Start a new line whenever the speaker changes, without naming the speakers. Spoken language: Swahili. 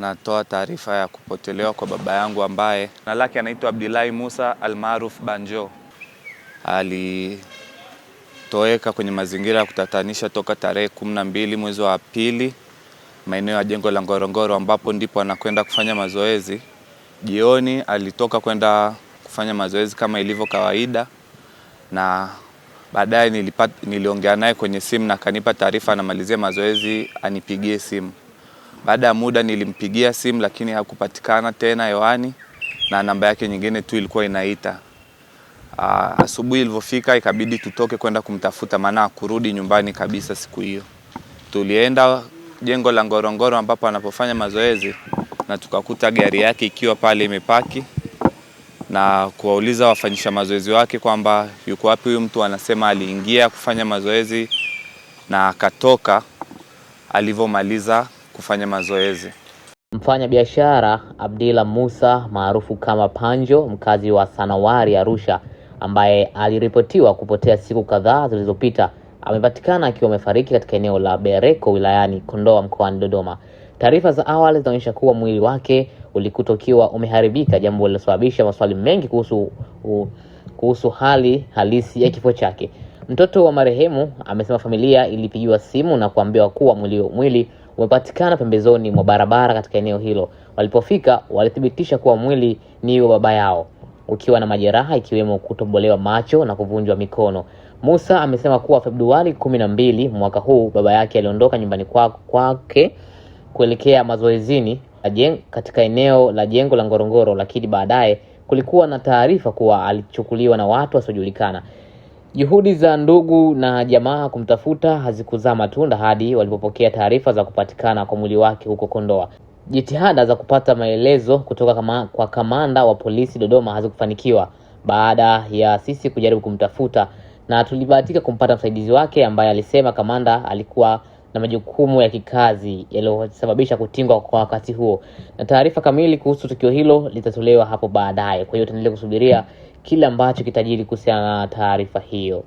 natoa taarifa ya kupotelewa kwa baba yangu ambaye na lake anaitwa Abdilahi Musa almaruf Banjo. Alitoweka kwenye mazingira ya kutatanisha toka tarehe kumi na mbili mwezi wa pili maeneo ya jengo la Ngorongoro ambapo ndipo anakwenda kufanya mazoezi. Jioni alitoka kwenda kufanya mazoezi kama ilivyo kawaida, na baadaye niliongea naye kwenye simu na akanipa taarifa anamalizia mazoezi anipigie simu. Baada ya muda nilimpigia simu lakini hakupatikana tena hewani, na namba yake nyingine tu ilikuwa inaita. Uh, asubuhi ilivyofika ikabidi tutoke kwenda kumtafuta, maana kurudi nyumbani kabisa siku hiyo. Tulienda jengo la Ngorongoro ambapo anapofanya mazoezi na tukakuta gari yake ikiwa pale imepaki, na kuwauliza wafanyisha mazoezi wake kwamba yuko wapi huyu mtu, anasema aliingia kufanya mazoezi na akatoka alivyomaliza kufanya mazoezi.
mfanya biashara Abdila musa maarufu kama Panjo, mkazi wa Sanawari, Arusha, ambaye aliripotiwa kupotea siku kadhaa zilizopita, amepatikana akiwa amefariki katika eneo la Bereko wilayani Kondoa mkoani Dodoma. Taarifa za awali zinaonyesha kuwa mwili wake ulikuta ukiwa umeharibika, jambo lilosababisha maswali mengi kuhusu, u, kuhusu hali halisi ya kifo chake. Mtoto wa marehemu amesema familia ilipigiwa simu na kuambiwa kuwa mwili, mwili umepatikana pembezoni mwa barabara katika eneo hilo. Walipofika walithibitisha kuwa mwili ni wa baba yao ukiwa na majeraha ikiwemo kutobolewa macho na kuvunjwa mikono. Musa amesema kuwa Februari kumi na mbili mwaka huu baba yake aliondoka nyumbani kwake kwa kuelekea mazoezini katika eneo la jengo la Ngorongoro, lakini baadaye kulikuwa na taarifa kuwa alichukuliwa na watu wasiojulikana. Juhudi za ndugu na jamaa kumtafuta hazikuzaa matunda hadi walipopokea taarifa za kupatikana kwa mwili wake huko Kondoa. Jitihada za kupata maelezo kutoka kama, kwa kamanda wa polisi Dodoma hazikufanikiwa baada ya sisi kujaribu kumtafuta na tulibahatika kumpata msaidizi wake ambaye alisema kamanda alikuwa na majukumu ya kikazi yaliyosababisha kutingwa kwa wakati huo, na taarifa kamili kuhusu tukio hilo litatolewa hapo baadaye. Kwa hiyo tuendelee kusubiria kile ambacho kitajiri kuhusiana na taarifa hiyo.